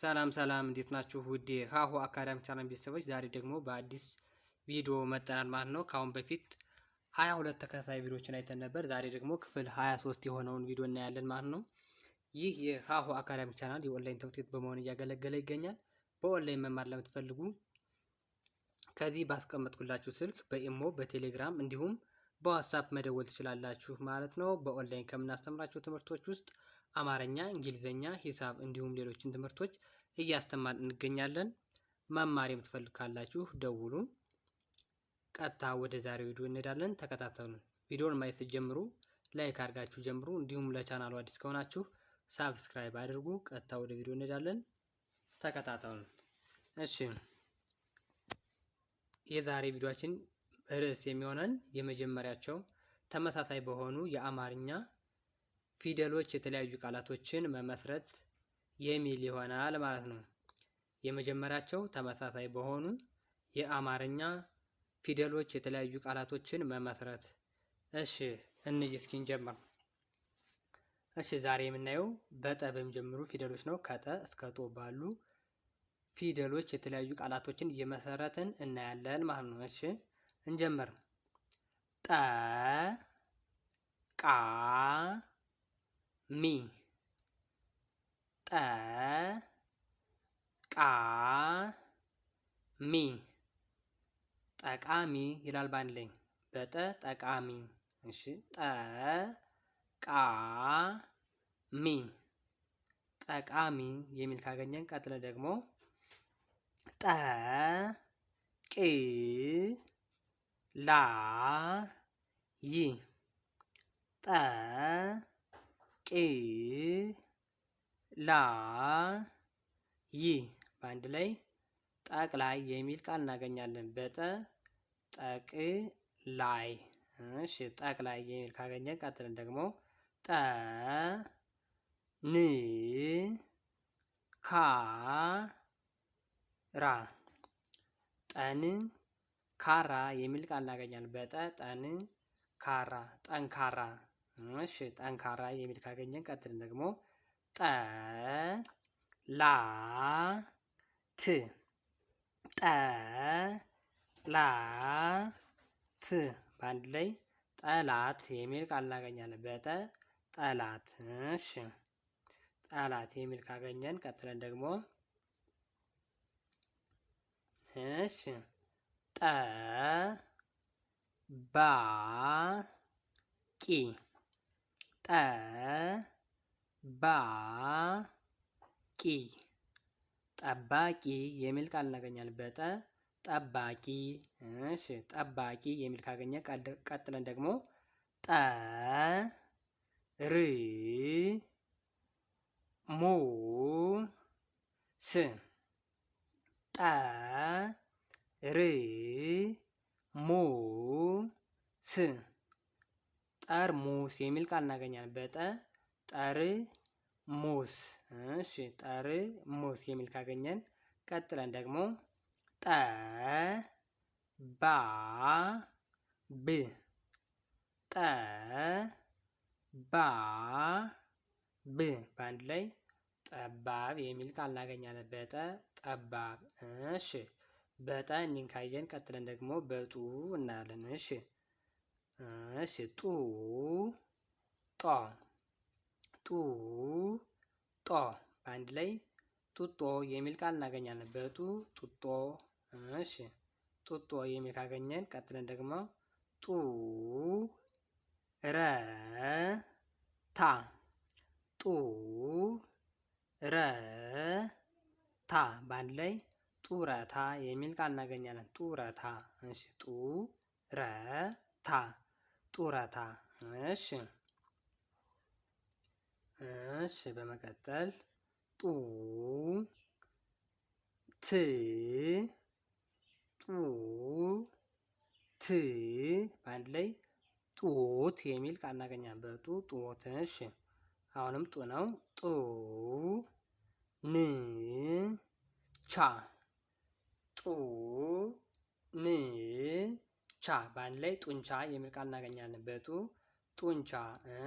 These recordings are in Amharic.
ሰላም ሰላም እንዴት ናችሁ? ውድ የሀሁ አካዳሚ ቻናል ቤተሰቦች ዛሬ ደግሞ በአዲስ ቪዲዮ መጠናል ማለት ነው። ከአሁን በፊት ሀያ ሁለት ተከታታይ ቪዲዮችን አይተን ነበር። ዛሬ ደግሞ ክፍል ሀያ ሶስት የሆነውን ቪዲዮ እናያለን ማለት ነው። ይህ የሀሁ አካዳሚ ቻናል የኦንላይን ትምህርት ቤት በመሆን እያገለገለ ይገኛል። በኦንላይን መማር ለምትፈልጉ ከዚህ ባስቀመጥኩላችሁ ስልክ በኢሞ በቴሌግራም እንዲሁም በዋትሳፕ መደወል ትችላላችሁ ማለት ነው። በኦንላይን ከምናስተምራቸው ትምህርቶች ውስጥ አማርኛ፣ እንግሊዝኛ፣ ሂሳብ እንዲሁም ሌሎችን ትምህርቶች እያስተማር እንገኛለን። መማር የምትፈልግ ካላችሁ ደውሉ። ቀጥታ ወደ ዛሬው ቪዲዮ እንሄዳለን። ተከታተሉን። ቪዲዮውን ማየት ስትጀምሩ ላይክ አድርጋችሁ ጀምሩ። እንዲሁም ለቻናሉ አዲስ ከሆናችሁ ሳብስክራይብ አድርጉ። ቀጥታ ወደ ቪዲዮ እንሄዳለን። ተከታተሉን። እሺ የዛሬ ቪዲዮችን ርዕስ የሚሆነን የመጀመሪያቸው ተመሳሳይ በሆኑ የአማርኛ ፊደሎች የተለያዩ ቃላቶችን መመስረት የሚል ይሆናል ማለት ነው። የመጀመሪያቸው ተመሳሳይ በሆኑ የአማርኛ ፊደሎች የተለያዩ ቃላቶችን መመስረት። እሺ እንይ እስኪ እንጀምር። እሺ ዛሬ የምናየው በጠ በሚጀምሩ ፊደሎች ነው። ከጠ እስከ ጦ ባሉ ፊደሎች የተለያዩ ቃላቶችን እየመሰረትን እናያለን ማለት ነው። እሺ እንጀምር። ጠ ቃ ሚ ጠ ቃ ሚ ጠቃሚ ይላል ባንድ ላይ በጠ ጠቃሚ። እሺ ጠ ቃ ሚ ጠቃሚ የሚል ካገኘን ቀጥለ ደግሞ ጠ ቂ ላ ይ ጠ ቂ ላ ይ በአንድ ላይ ጠቅ ላይ የሚል ቃል እናገኛለን። በጠ ጠቅ ላይ እሺ፣ ጠቅ ላይ የሚል ካገኘን ቀጥለን ደግሞ ጠ ን ካ ራ ጠን ካራ የሚል ቃል እናገኛለን። በጠ ጠን ካራ ጠንካራ እሺ ጠንካራ የሚል ካገኘን ቀጥልን ደግሞ ጠ ላ ት ጠ ላ ት በአንድ ላይ ጠላት የሚል ቃል እናገኛለን። በጠ ጠላት። እሺ ጠላት የሚል ካገኘን ቀጥለን ደግሞ እሺ ጠ ባ ቂ ጠ ጠባቂ የሚል ቃል እናገኛለን። በጠ ጠባቂ። እሺ ጠባቂ የሚል ካገኘ ቀጥለን ደግሞ ጠ ር ሙ ስ ጠ ር ሙ ስ ጠርሙስ የሚል ቃል እናገኛለን። በጠ ጠር ሙስ እሺ፣ ጠር ሙስ የሚል ካገኘን ቀጥለን ደግሞ ጠ ባ ብ ጠ ባ ብ በአንድ ላይ ጠባብ የሚል ቃል እናገኛለን። በጠ ጠባብ። እሺ፣ በጠ እኒን ካየን ቀጥለን ደግሞ በጡ እናያለን። እሺ እሺ ጡ ጧ ጡ ጧ በአንድ ላይ ጡጦ የሚል ቃል እናገኛለን። በጡ ጡጦ። እሺ ጡጦ የሚል ካገኘን ቀጥለን ደግሞ ጡ ረ ታ ጡ ረ ታ በአንድ ላይ ጡረታ የሚል ቃል እናገኛለን። ጡረታ። እሺ ጡ ረ ታ ጡረታ። እሺ እሺ። በመቀጠል ጡ ት ጡ ት በአንድ ላይ ጡት የሚል ቃል እናገኛለን። በጡ ጡት። እሺ አሁንም ጡ ነው። ጡ ን ቻ ጡ ን ቻ በአንድ ላይ ጡንቻ የሚል ቃል እናገኛለን። በጡ ጡንቻ።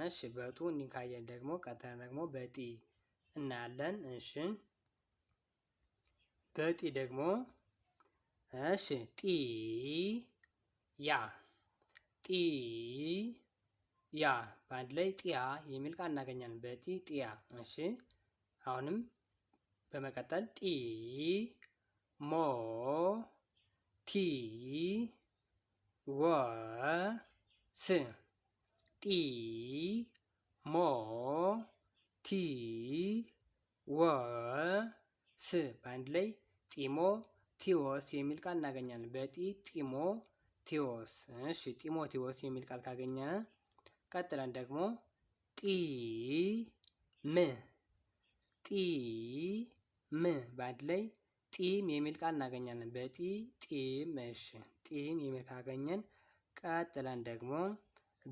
እሺ በጡ እንዲካየን ደግሞ ቀጥለን ደግሞ በጢ እናያለን። እሺ በጢ ደግሞ እሺ ጢ ያ ጢ ያ በአንድ ላይ ጢያ የሚል ቃል እናገኛለን። በጢ ጢያ። እሺ አሁንም በመቀጠል ጢ ሞ ቲ ወ ስ ጢ ሞ ቲ ወ ስ በአንድ ላይ ጢሞ ቲዎስ የሚል ቃል እናገኛለን። በጢ ጢሞ ቲዎስ። እሺ ጢሞቴዎስ የሚል ቃል ካገኘ ቀጥለን ደግሞ ጢ ም ጢ ም በአንድ ላይ ጢም የሚል ቃል እናገኛለን። በጢ ጢም። እሺ ጢም የሚል ካገኘን ቀጥለን ደግሞ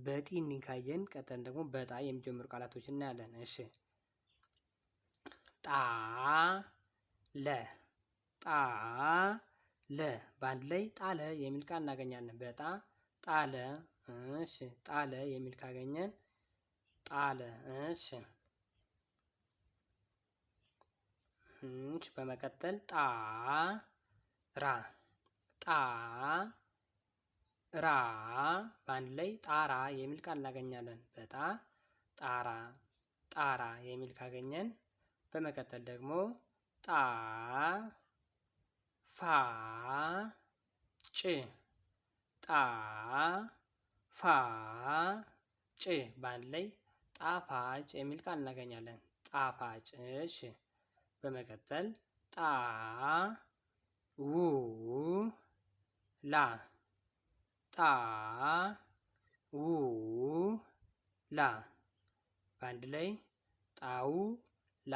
በጢ እንካየን ቀጥለን ደግሞ በጣ የሚጀምሩ ቃላቶች እናያለን። እሺ ጣ ለ ጣ ለ በአንድ ላይ ጣለ የሚል ቃል እናገኛለን። በጣ ጣለ። እሺ ጣለ የሚል ካገኘን ጣለ። እሺ ች በመቀጠል ጣ ራ ጣ ራ በአንድ ላይ ጣራ የሚል ቃል እናገኛለን። በጣ ጣራ ጣራ የሚል ካገኘን በመቀጠል ደግሞ ጣ ፋ ጭ ጣ ፋ ጭ በአንድ ላይ ጣፋጭ የሚል ቃል እናገኛለን። ጣፋጭ እሺ በመቀጠል ጣ ው ላ ጣ ው ላ በአንድ ላይ ጣው ላ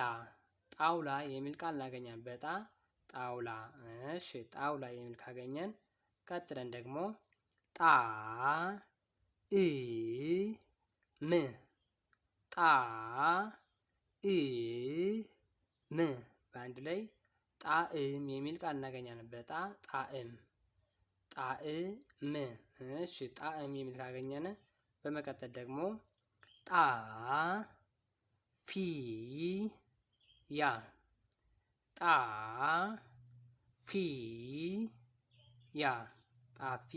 ጣውላ የሚል ቃል እናገኛለን። በጣ ጣውላ። እሺ ጣውላ የሚል ካገኘን ቀጥለን ደግሞ ጣ ኢ ም ጣ ኢ ም በአንድ ላይ ጣዕም የሚል ቃል እናገኛለን። በጣ ጣዕም ጣዕም። እሺ ጣዕም የሚል ካገኘን በመቀጠል ደግሞ ጣ ፊ ያ ጣ ፊ ያ ጣፊ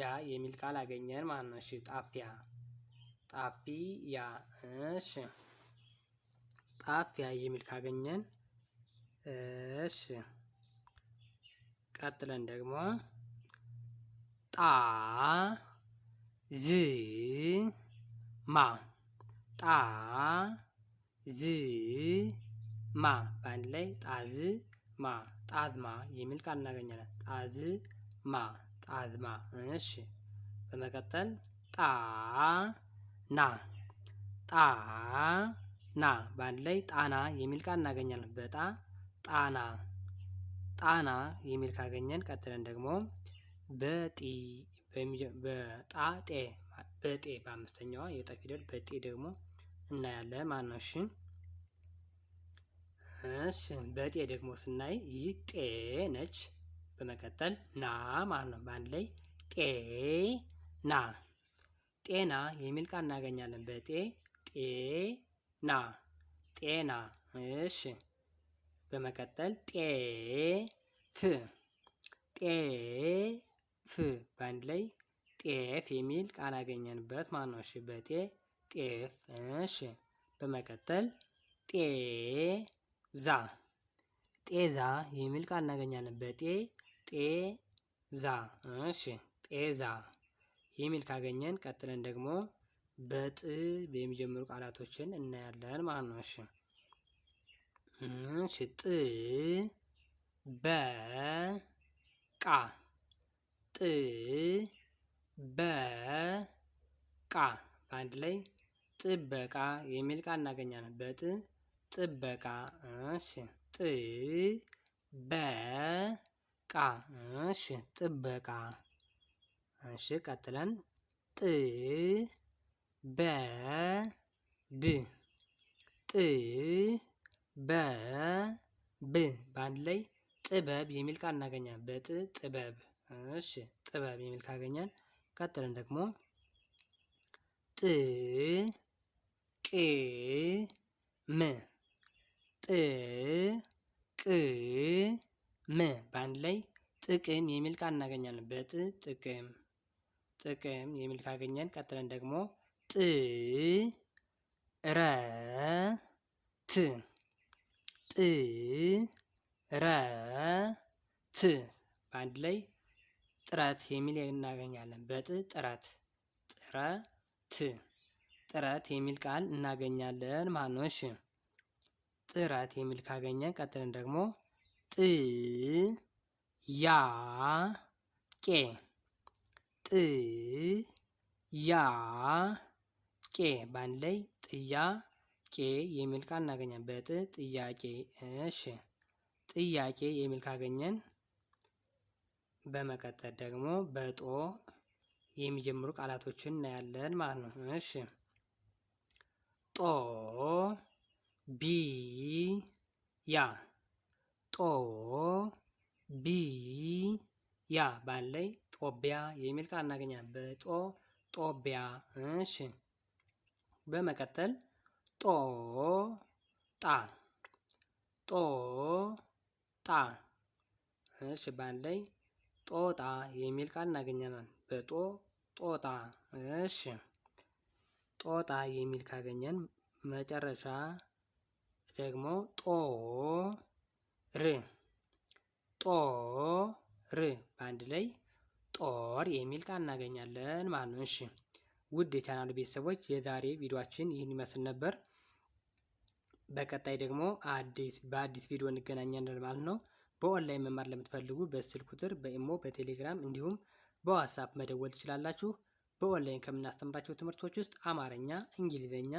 ያ የሚል ቃል አገኘን ማለት ነው። እሺ ጣፊያ ያ እሺ ያ የሚል ካገኘን እሺ፣ ቀጥለን ደግሞ ጣ ዝ ማ ጣ ዝ ማ በአንድ ላይ ጣዝ ማ ጣዝማ የሚል ቃል እናገኛለን። ጣዝ ማ ጣዝማ። እሺ፣ በመቀጠል ጣ ና ጣ ና በአንድ ላይ ጣና የሚል ቃል እናገኛለን። በጣ ጣና ጣና የሚል ካገኘን ቀጥለን ደግሞ በጢ በጣጤ በጤ በአምስተኛዋ የጠ ፊደል በጤ ደግሞ እናያለን ማለት ነው። እሺ እሺ በጤ ደግሞ ስናይ ይህ ጤ ነች። በመቀጠል ና ማለት ነው። በአንድ ላይ ጤ ና ጤና የሚል ቃል እናገኛለን። በጤ ጤ ና ጤና። እሺ በመቀጠል ጤፍ ጤፍ በአንድ ላይ ጤፍ የሚል ቃል አገኘንበት ማለት ነው። እሺ በጤ ጤፍ። እሺ በመቀጠል ጤዛ ጤዛ የሚል ቃል እናገኛለን። በጤ ጤዛ። እሺ ጤዛ የሚል ካገኘን ቀጥለን ደግሞ በጥ የሚጀምሩ ቃላቶችን እናያለን ማለት ነው። እሺ እሺ ጥ በ ቃ ጥ በ ቃ በአንድ ላይ ጥበቃ የሚል ቃል እናገኛለን። በጥ ጥበቃ። እሺ ጥ በ ቃ እሺ ጥበቃ። እሺ ቀጥለን ጥ በ ብ ጥ በ ብ በአንድ ላይ ጥበብ የሚል ቃል እናገኛል። በጥ ጥበብ። እሺ ጥበብ የሚል ካገኛል ቀጥለን ደግሞ ጥ ቅ ም ጥ ቅ ም በአንድ ላይ ጥቅም የሚል ቃል እናገኛለን። በጥ ጥቅም ጥቅም የሚል ካገኘን ቀጥለን ደግሞ ጥረት ጥረት በአንድ ላይ ጥረት የሚል እናገኛለን። በጥ ጥረት ጥረት ጥረት የሚል ቃል እናገኛለን ማለት ጥረት የሚል ካገኘን ቀጥለን ደግሞ ጥ ያ ቄ ጥ ያ ቄ በአንድ ላይ ጥያቄ የሚል ቃል እናገኛለን። በጥ ጥያቄ። እሺ ጥያቄ የሚል ካገኘን በመቀጠል ደግሞ በጦ የሚጀምሩ ቃላቶችን እናያለን ማለት ነው። እሺ ጦ ቢ ያ ጦ ቢ ያ በአንድ ላይ ጦቢያ የሚል ቃል እናገኛለን። በጦ ጦቢያ። እሺ በመቀጠል ጦ ጣ ጦ ጣ። እሺ በአንድ ላይ ጦጣ የሚል ቃል እናገኛለን። በጦ ጦጣ። እሺ ጦጣ የሚል ካገኘን መጨረሻ ደግሞ ጦ ር ጦ ር በአንድ ላይ ጦር የሚል ቃል እናገኛለን ማለት ነው። እሺ ውድ የቻናል ቤተሰቦች የዛሬ ቪዲዮችን ይህን ይመስል ነበር። በቀጣይ ደግሞ አዲስ በአዲስ ቪዲዮ እንገናኛለን ማለት ነው። በኦንላይን መማር ለምትፈልጉ በስልክ ቁጥር በኢሞ በቴሌግራም እንዲሁም በዋትሳፕ መደወል ትችላላችሁ። በኦንላይን ከምናስተምራቸው ትምህርቶች ውስጥ አማርኛ፣ እንግሊዝኛ፣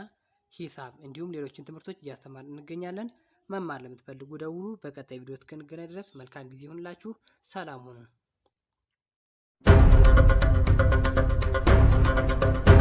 ሂሳብ እንዲሁም ሌሎችን ትምህርቶች እያስተማር እንገኛለን። መማር ለምትፈልጉ ደውሉ። በቀጣይ ቪዲዮ እስክንገናኝ ድረስ መልካም ጊዜ ይሁንላችሁ። ሰላም ሁኑ። Thank you.